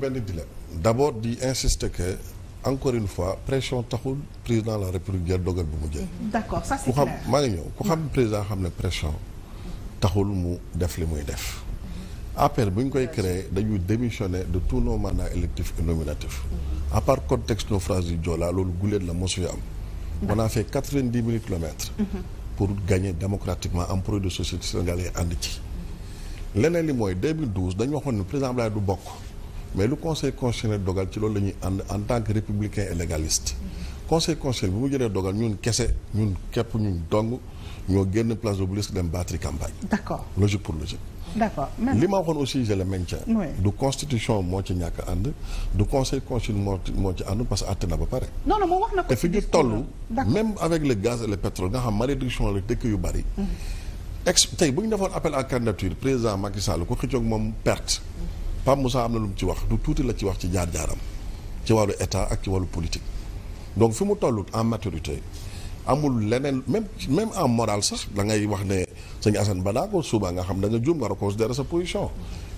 benn dilemme d'abord di insister que encore une fois pression taxul président la république jël dogal bi mu jël. d'accord ça ku xam maa ngi ñëw ku xam président xam ne pression taxul mu def li muy def. APR bu ñu koy créer dañuy démissionner de tous nos mandats électifs et nominatifs. à part contexte naufrage du Joola loolu guléet la mosu am. on a fait quatre-vingt-dix mille kilomètres. pour gagner démocratiquement am projet de société sénégalaise ànd ci. leneen li mooy 2012 dañu waxoon ne président Abdoulaye du bokk. mais lu conseil constitutionnel dogal ci loolu lañuy ànd en tant que républicain et légaliste. conseil constitutionnel bi mu jëlee dogal ñun kese ñun képp ñun dong ñoo génn place de l'Obélisque dem battre campagne. d'accord logique pour logique. d'accord li ma waxoon aussi je le maintiens. du constitution moo ci ñàkk ànd. du conseil constitutionnel moo moo ci ànd parce que àtte na ba pare. non te fi ñu toll. même avec le gaz et le pétrole nga xam malédiction la dëkk yu bari. Mm-hmm. ex tey bu ñu defoon appel à candidature président Macky Sall ko xëccoog moom perte. Pape Moussa am na lu mu ci wax du tuuti la ci wax ci jaar-jaaram ci wàllu état ak ci wàllu politique donc fi mu tollut en maturité amul leneen même en morale sax da ngay wax ne sëñ Assane Badago suba nga xam da nga juum war a considérer sa position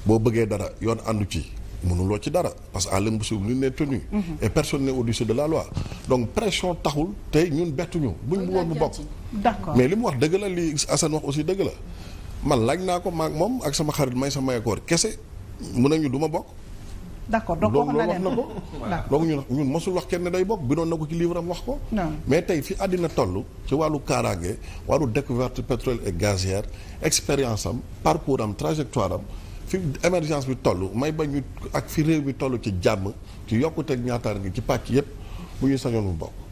boo bëggee dara yoon àndu ci mënuloo ci dara parce que à l'impossible nul n'est tenu mm-hmm. et personne n'est de la loi donc pression taxul tey ñun bettuñu buñ bu woon bu bokk d'accord mais li mu wax dëgg la li Assane wax aussi dëgg la man ko maag moom ak sama xarit may sa mayakoor kese mun nañu du ma bokk. d' accord donc na leen loolu wax na ko. donc ñun ñun mosul wax kenn day bokk bindoon na ko ci livre am wax ko. mais tey fi àddina toll ci wàllu kaaraange wàllu découverte pétrole et gazière expérience am parcours am trajectoire am fi émergence bi toll may ba ñu ak fi réew mi toll ci jàmm ci yokkuteeg ñaataar gi ci pàcc yépp bu ñuy sañoon mu bokk.